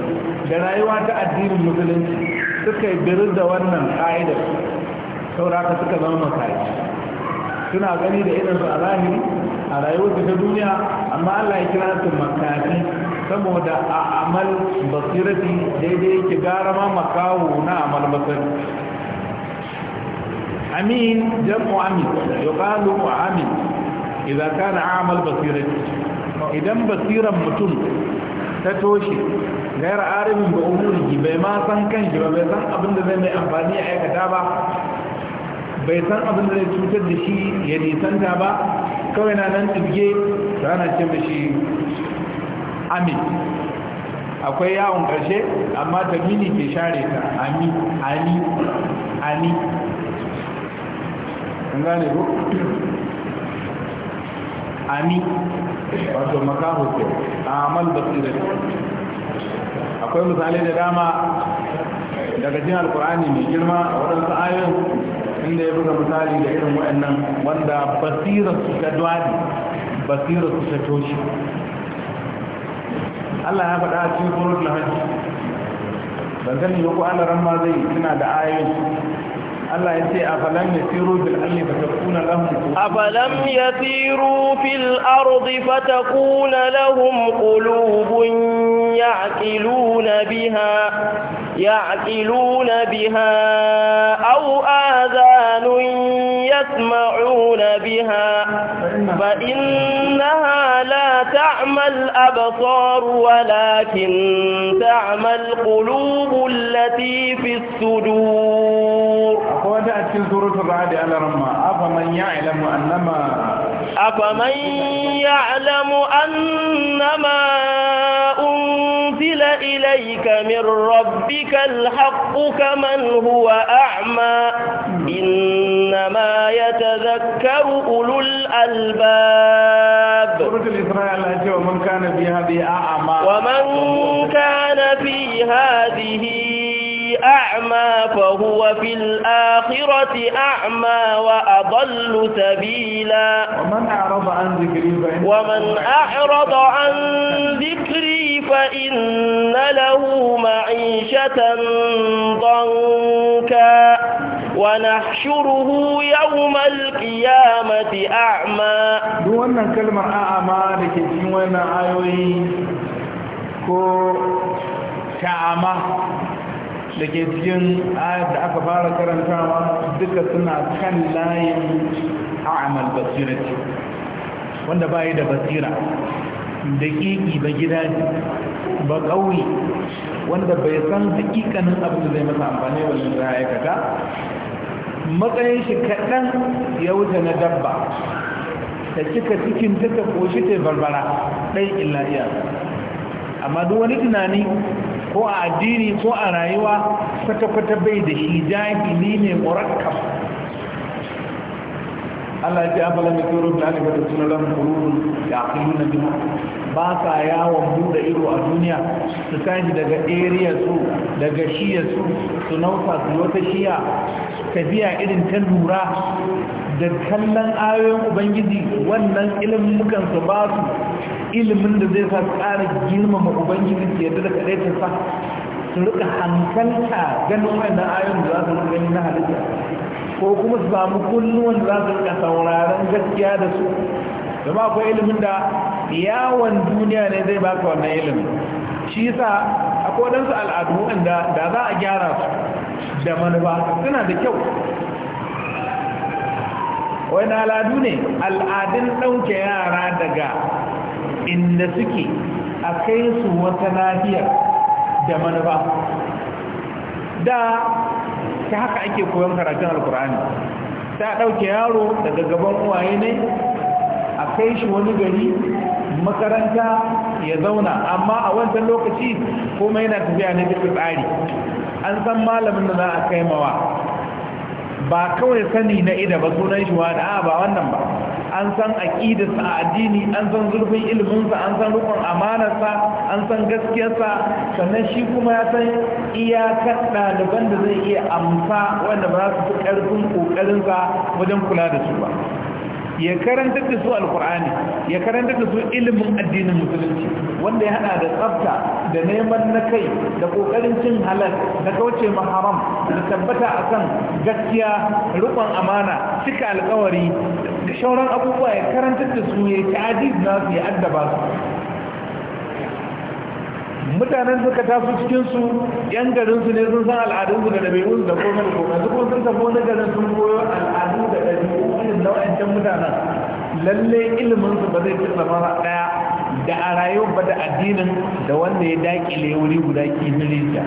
da rayuwa ta addinin musulunci suka yi birin da wannan ka'idar sauraka suka zama makafi suna gani da irin su a zahiri a rayuwarsu ta duniya amma Allah ya kira su makafi saboda a amal basirati daidai yake gara ma makawo na amal basirati amin jam'u amin yuqalu amin idan kana amal basirati idan basiran mutum ta toshe gayar arimin ba ji bai ma san kanshi ba bai san abin da zai mai amfani a aikata ba bai san abin da zai cutar da shi ya nisanta ba kawai na nan tsibge to ana ce mashi ami akwai yawon ƙarshe amma ta mini ke share ta ami ani ani an gane ko ami wato makaho ke amal basirar akwai misali da dama daga jin alkur'ani mai girma a waɗansu ayon inda ya buga misali da irin wa'annan wanda basirar su ta dwadi basira su ta toshe Allah ya faɗa a cikin surun lahaji ban sani ba ko Allah ramma zai suna da ayoyi Allah ya ce a falam ya siru bil kuna fatakuna lahum a falam ya siru fil arzi ardi fatakuna lahum qulubun ya'qiluna biha ya'qiluna biha au azanun. يسمعون بها فإنها لا تعمى الأبصار ولكن تعمى القلوب التي في الصدور أخوانا أتكل سورة الرعد على رمى أفمن يعلم أنما أفمن يعلم أنما أم أنزل إليك من ربك الحق كمن هو أعمى إنما يتذكر أولو الألباب ومن كان في هذه أعمى ومن كان في هذه أعمى فهو في الآخرة أعمى وأضل سبيلا ومن أعرض عن ذكري فإن ومن أعرض عن ذكري فإن له معيشة ضنكا ونحشره يوم القيامة أعمى duk كلمة أعمى لكي da ke ko ta'ama da ke cikin ayar da aka fara karantawa duka suna kan layin a'amal basirati wanda bayi da basira da kiki ba gida ba ƙauye wanda bai san hakikanin abin da zai masa amfani wajen da kaka matsayin shi kaɗan ya wuce na dabba ta cika cikin ta ta koshi ta barbara ɗai illa iya amma duk wani tunani ko a addini ko a rayuwa kwata-kwata bai da shi jahili ne murakkab Allah ya ce afala mai da alifar da suna lam kururun da akilu na biha ba sa yawon buɗe ido a duniya su tashi daga area su daga shiya su su nausa su wata shiya tafiya irin ta lura da kallon ayoyin ubangiji wannan ilimin mukan su ba su ilimin da zai sa tsara girmama ubangiji ke yadda da kaɗai ta sa su rika hankalta ganin na ayon da za su gani na halitta ko kuma su samu kullum da za su rika sauraron gaskiya da su da ba akwai ilimin da yawon duniya ne zai baka wannan ilimin shi sa akwai waɗansu al'adu wanda da za a gyara su da manufa suna da kyau wani al'adu ne al'adun ɗauke yara daga inda suke a kai su wata lafiyar da manufa da ta haka ake koyon karatun alkur'ani ta ɗauke yaro daga gaban uwaye ne a kai shi wani gari makaranta ya zauna amma a wancan lokaci komai yana tafiya ne da tsari an san malamin da za a kaimawa. ba kawai sani na ida ba sunan shi wani a ba wannan ba an san aƙidarsa a addini an san zurfin iliminsa an san rukun amanarsa an san gaskiyarsa sannan shi kuma ya san iyakar ɗaliban da zai iya amsa wanda ba su fi ƙarfin ƙoƙarinsa wajen kula da su ba ya karantar da su alkur'ani ya karantar da su ilimin addinin musulunci wanda ya hada da tsafta da neman na kai da kokarin cin halal da kauce ma haram da tabbata akan gaskiya rukun amana cika alkawari da shauran abubuwa ya karantar da su ya ta'adid su ya addaba su mutanen suka taso cikinsu yan garinsu ne sun san al'adunsu da ɗabi'unsu da komai da su kuma sun tafi wani garin sun koyo al'adu da ɗabi'u irin na wa'ancan mutanen lalle su ba zai zama a ɗaya da a rayu ba da addinin da wanda ya daƙile wuri guda ki da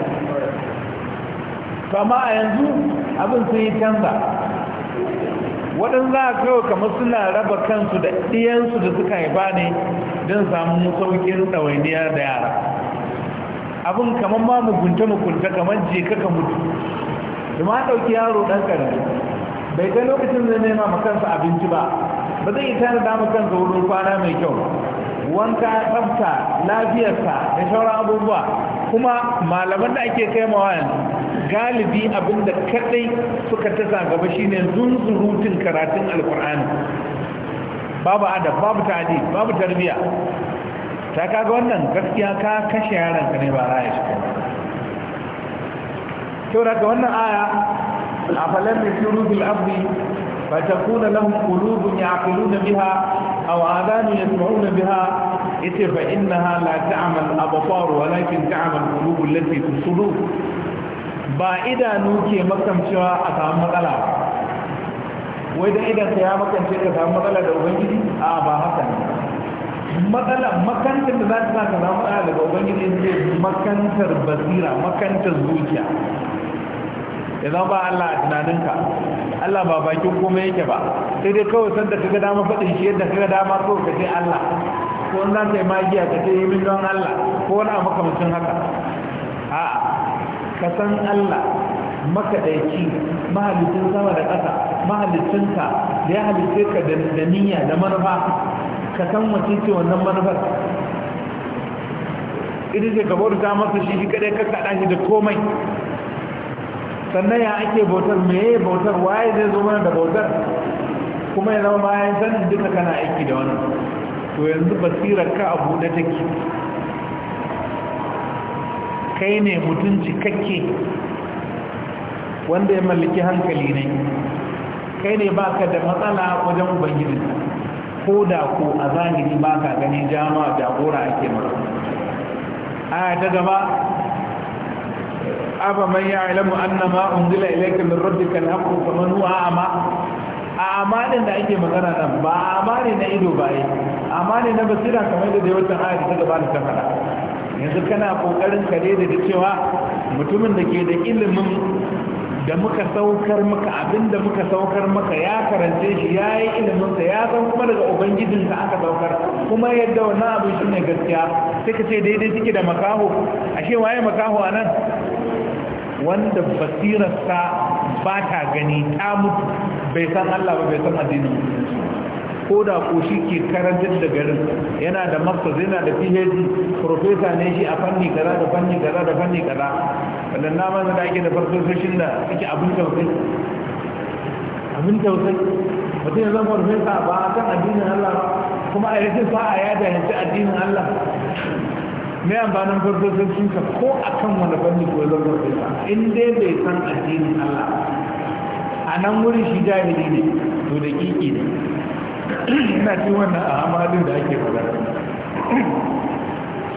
to amma a yanzu abin sun yi canza waɗanda za a kawo kamar suna raba kansu da ɗiyansu da suka haifa ne don samun sauƙin ɗawainiya da yara abin kamar ma mugunta mugunta kamar jeka ka mutu kuma ɗauki yaro ɗan ƙarfi bai ga lokacin zai nema ma kansa abinci ba ba zai yi tana da kansa wurin kwana mai kyau wanka tsafta lafiyarsa da sauran abubuwa kuma malaman da ake kaimawa yanzu galibi abin da kadai suka tasa gaba shine zunzurutun karatun alkur'ani babu adab babu tadi babu tarbiyya. ta kaga wannan gaskiya ka kashe yaran ka ne ba raya shi to daga wannan aya a falan da shuru bil abdi fa takuna lahum qulubun ya'qiluna biha aw adanu yasma'una biha ita fa innaha la ta'mal absar walakin ta'mal qulub allati fi sudur ba idanu ke makamcewa a samu matsala wai da idan ka ya makance ka samu matsala da ubangiji a ba haka ne matsala makantar da za ta saka samu ɗaya daga ubangiji ce makantar basira makantar zuciya ya zama ba Allah a tunaninka Allah ba bakin kuma yake ba sai dai kawai sanda kaga dama faɗin shi yadda kaga dama so ka ce Allah ko in zan ka yi magiya ka ce yi min don Allah ko wani abu makamancin haka a ka san Allah makaɗaici mahalicin sama da ƙasa mahalicinka da ya halice ka da niyya da manufa ka san wace ce wannan manufar ita ce ka bauta masa shi shi kadai kakkaɗa shi da komai sannan ya ake bautar ya bautar waye zai zo mana da bautar kuma ya zama bayan sanin duka kana aiki da wannan to yanzu basirar ka a buɗe take kai ne mutunci kake wanda ya mallaki hankali ne kai ne baka da matsala wajen ubangijinka ko da ko a zahiri ba ka gani jama jagora ake mara aya ta gaba aba man ya'lamu anna annama unzila ilayka min rabbika al-haqq fa man huwa a'ma a'ma da ake magana nan ba amma ne na ido ba ai ne na basira kamar da dai wannan aya ta gaba ta fara yanzu kana kokarin kare da cewa mutumin da ke da ilimin da muka saukar maka da muka saukar maka ya karance shi ya yi iliminsa ya san kuma daga ubangijinsa aka saukar kuma yadda wannan abin shi ne gaskiya sai ka ce daidai suke da makaho ashe waye makaho a nan wanda basirarsa ba ta gani ta mutu bai san allah ba bai san addinin ko da ko shi ke karantar da garin yana da masters yana da phd profesa ne shi a fanni gara da fanni gara da fanni gara wannan na manzo da ake da farfesoshin da suke abin tausayi abin tausayi mutum ya zama farfesa ba a kan addinin allah kuma a sa a ya jahanci addinin allah mai amfanin farfesoshin ka ko a kan wani fanni ko ya zama farfesa in dai bai san addinin allah a nan wuri shi jahili ne to da kiki ne ina cin wannan a hamadin da ake fada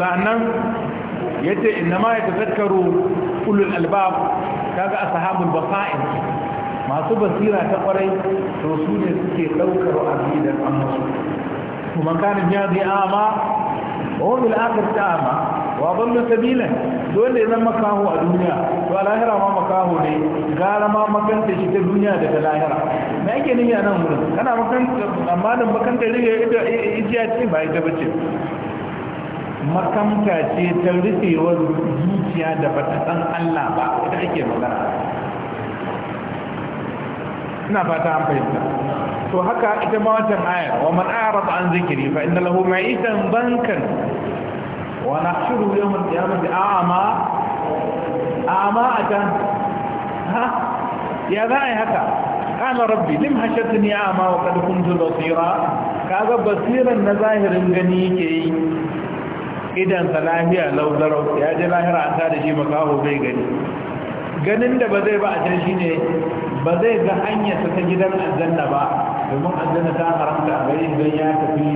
sa'annan ya ce inna ma ya tazakkaru ulul albab ga ashabul basa'in masu basira ta kwarai to su ne suke daukar amma su kuma kana ya bi ama a bil akhir ta ama wa balla sabila dole zan makaho a duniya to a lahira ma makaho ne gara ma makanta shi ta duniya daga lahira me yake nufi a nan wurin kana makanta amma da makanta riga ita ita ce ba ita bace makanta ce ta wani zuciya da bata san Allah ba ita ake magana ina fata an fahimta to haka ita ma wancan ayar wa man a'rada an zikri fa inna lahu ma'isan bankan a yi haka? أعمى Rabbi, أتان ها يا ذاعي هكا قال ربي لم هشتني Ka ga كنت na zahirin gani ke غنيكي idan sa lahiya laudarau ya je lahira an tada shi makaho bai gani ganin da ba zai ba a can ne ba zai ga hanyar ta gidan aljanna ba domin aljanna ta haramta a gare don ya tafi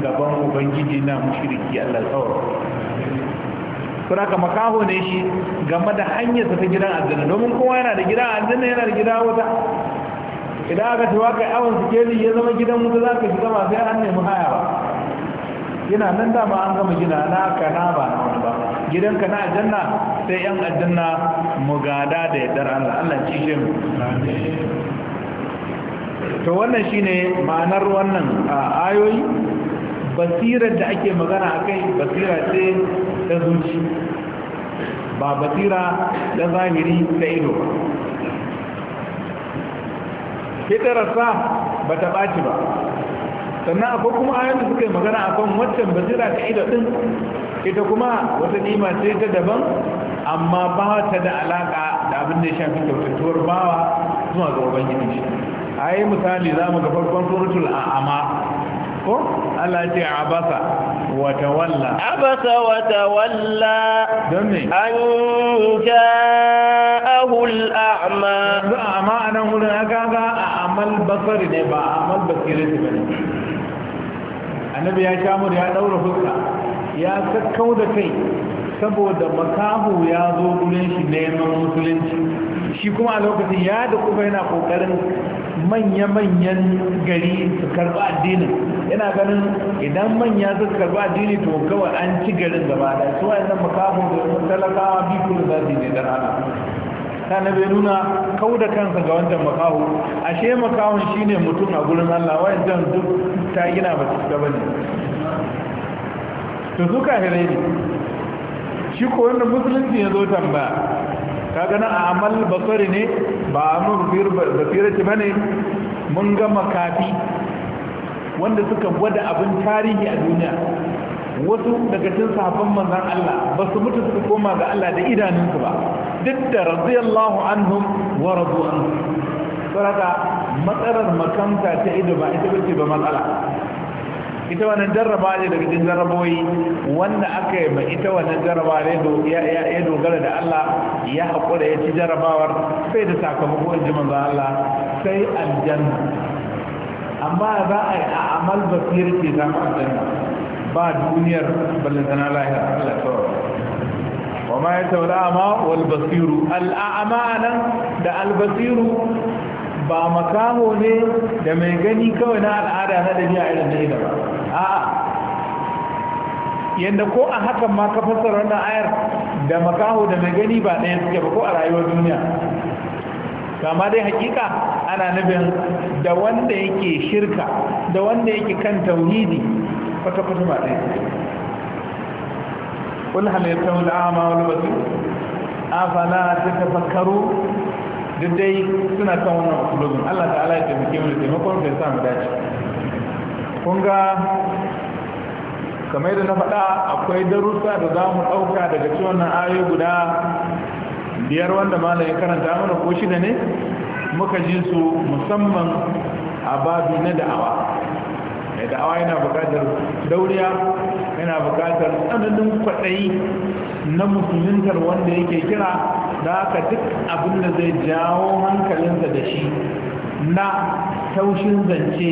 gaban ubangiji na mushriki Allah tsawon kuma ka makaho ne shi game da hanyarsa ta gidan aljanna domin kowa yana da gida aljanna yana da gida wuta idan aka cewa kai awon sikeli ya zama gidan wuta za ka shiga ba sai an nemi hayawa. Ina yana nan dama an gama gina na ka na ba ba ka na aljanna sai yan aljanna mu mugada da yardar Allah Allah ci shi to wannan shine ma'anar wannan ayoyi basirar da ake magana a kai basira ce ta zuci ba basira ta zahiri ta ido ba. fitararsa ba ta ɓaci ba sannan akwai kuma ayar da suka yi magana a kan waccan basira ta ido ɗin ita kuma wata nima ce ta daban amma ba ta da alaƙa da abin da ya shafi kyautattuwar bawa zuwa ga ubangiji a yi misali za mu ga farkon suratul a'ama ko Allah ce abasa wa tawalla abasa wa tawalla don me an ja'ahu al-a'ma amma anan wurin aka ga amal basari ne ba amal basiri ne bane annabi ya sha mur ya daura fuska ya sakkau da kai saboda makahu ya zo gurin shi neman musulunci shi kuma a lokacin ya da kuma yana kokarin manya-manyan gari su karba addini yana ganin idan manya su karba addini to kawai an ci garin gaba da su wa'annan makafin da talakawa biyu da zai ne da rana na bai nuna kau da kansa ga wancan makaho ashe makahon shine mutum a gurin Allah wajen duk ta gina ba ta bane to su kafirai ne shi ko wanda musulunci ya zo tambaya kaga na amal basari ne ba amal basirati bane mun ga makafi wanda suka gwada abin tarihi a duniya wasu daga cikin sahabban manzon Allah ba su mutu suka koma ga Allah da idanunsu ba duk da radiyallahu anhum wa radu an saraka matsalar makanta ta ido ba ita bace ba matsala ita wannan jarraba ne daga cikin jarraboyi wanda aka yi ma ita wannan jarraba ne ya dogara da Allah ya haƙura ya ci jarrabawar sai da sakamako in ji manzo Allah sai aljanna amma za a yi a amal basir ke za mu aljanna ba duniyar ballantana lahira Allah kawai wa ma ya taura ma wal basiru al'ama nan da al basiru ba makamo ne da mai gani kawai na al'ada na dabi'a irin da ba a'a yadda ko a hakan ma ka fassara wannan ayar da makaho da magani gani ba ɗaya suke ba ko a rayuwar duniya kama dai hakika ana nufin da wanda yake shirka da wanda yake kan tauhidi kwata-kwata ba ɗaya suke. da ama wani wasu afala ta tafakaru duk dai suna kan wannan usulogin Allah ta'ala ya taimake mu da taimakon sai ya samu dace Kunga kamar da na faɗa akwai darussa da za mu ɗauka daga ci wannan ayoyi guda biyar wanda malam ya karanta mana ko shi da ne muka ji su musamman a babi na da'awa mai da'awa yana buƙatar dauriya yana buƙatar tsananin kwaɗayi na musuluntar wanda yake kira da haka duk abin da zai jawo hankalinsa da shi na taushin zance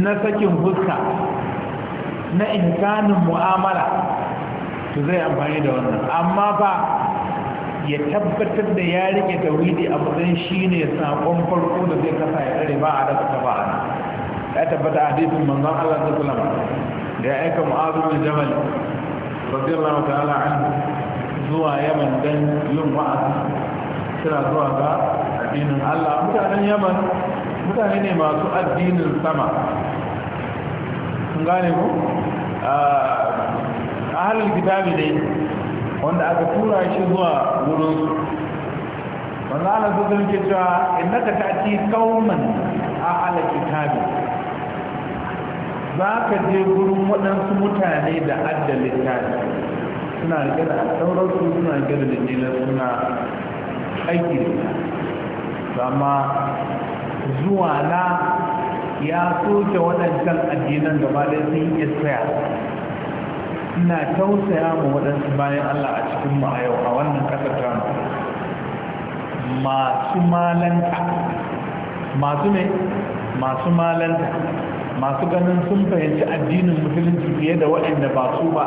na sakin huska na ihsanin mu'amala to zai amfani da wannan amma ba ya tabbatar da ya rike tauhidi a matsayin shine sakon farko da zai kasa ya tsare ba a da ta ba ana ya tabbata hadisin manzon Allah sallallahu alaihi da ya aika mu'azu bin jabal radiyallahu ta'ala anhu zuwa yaman dan yin wa'azi suna zuwa ga addinin Allah mutanen Yaman mutane ne masu addinin sama sun gane ku halin ah, kitabi ne wanda aka tura shi zuwa wurin su wanda ana su ke cewa in naka ta ci kauman ahalin kitabi za ka je gurin waɗansu mutane da adalin littafi suna rike da sauransu suna rike da dalilan suna aiki da zama zuwa na ya soke waɗancan addinan gaba ɗaya sun yi tsaya ina tausaya ma waɗansu bayan Allah a cikin mu a yau a wannan ƙasar masu malanta masu ne masu malanta masu ganin sun fahimci addinin musulunci fiye da waɗanda ba su ba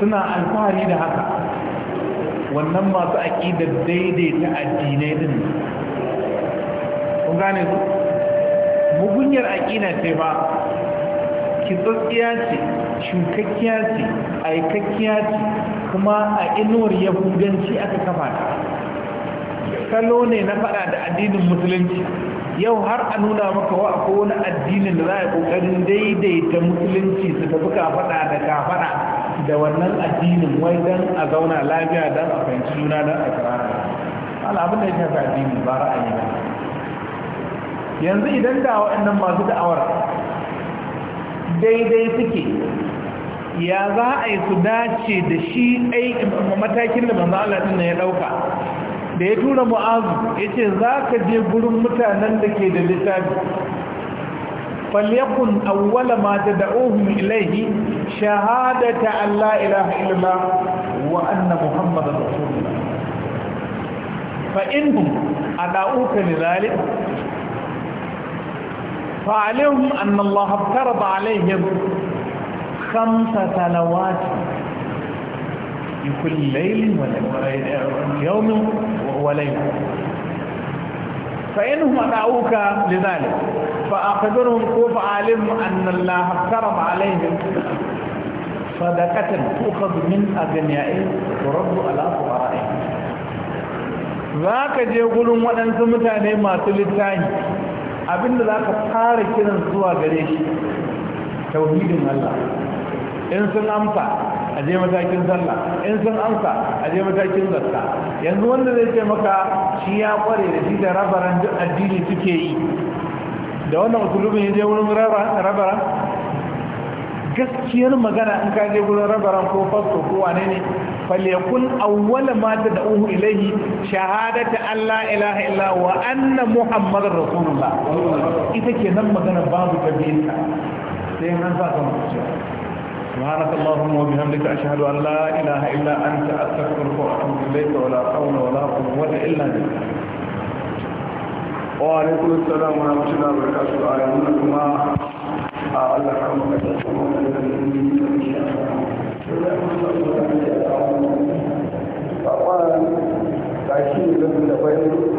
suna alfahari da haka wannan masu aƙidar daidaita addinai din kun su mugunyar aƙida ce ba kitsatsiya ce shukakkiya ce aikakkiya ce kuma a inuwar yahudanci aka kafa ta salo ne na faɗa da addinin musulunci yau har a nuna maka wa akwai wani addinin da za a yi ƙoƙarin daidaita musulunci su tafi kafaɗa da kafaɗa da wannan addinin wai dan a zauna lafiya dan a fahimci juna dan a karara ala abin da ya shafi addini ba ra'ayi ba yanzu idan da waɗannan masu da'awar daidai suke ya za a yi su dace da shi Amma matakin da manzo Allah din ya dauka da ya tura mu'azu yace ka je gurin mutanen da ke da littafi فليكن أول ما تدعوهم إليه شهادة أن لا إله إلا الله وأن محمد رسول الله فإنهم أدعوك لذلك فعليهم أن الله افترض عليهم خمس صلوات في كل ليل ويوم وليلة فإنهم أدعوك لذلك فأخبرهم كوف علم أن الله افترض عليهم صدقة تؤخذ من أغنيائهم ترد على فقرائهم ذاك je gurin waɗansu mutane masu littafi abinda za ka fara kiran zuwa gare shi tauhidin Allah in sun a je matakin sallah in sun amsa a je matakin zakka yanzu wanda zai ce maka shi ya kware da shi da rabaran duk addini suke yi da wannan musulmi ya je wurin rabaran gaskiyar magana in ka je wurin rabaran ko fasto ko wane ne falyakun awwala ma da ilayhi shahadatu an la ilaha illa wa anna muhammadar rasulullah ita kenan magana babu kabila sai an sa ta mutuwa سبحانك اللهم وبحمدك أشهد أن لا إله إلا أنت أستغفرك وأتوب إليك ولا حول ولا قوة إلا بك وعليكم السلام ورحمة الله وبركاته أيامكما الله كما تسمعون فقال تعيشين لكم لبين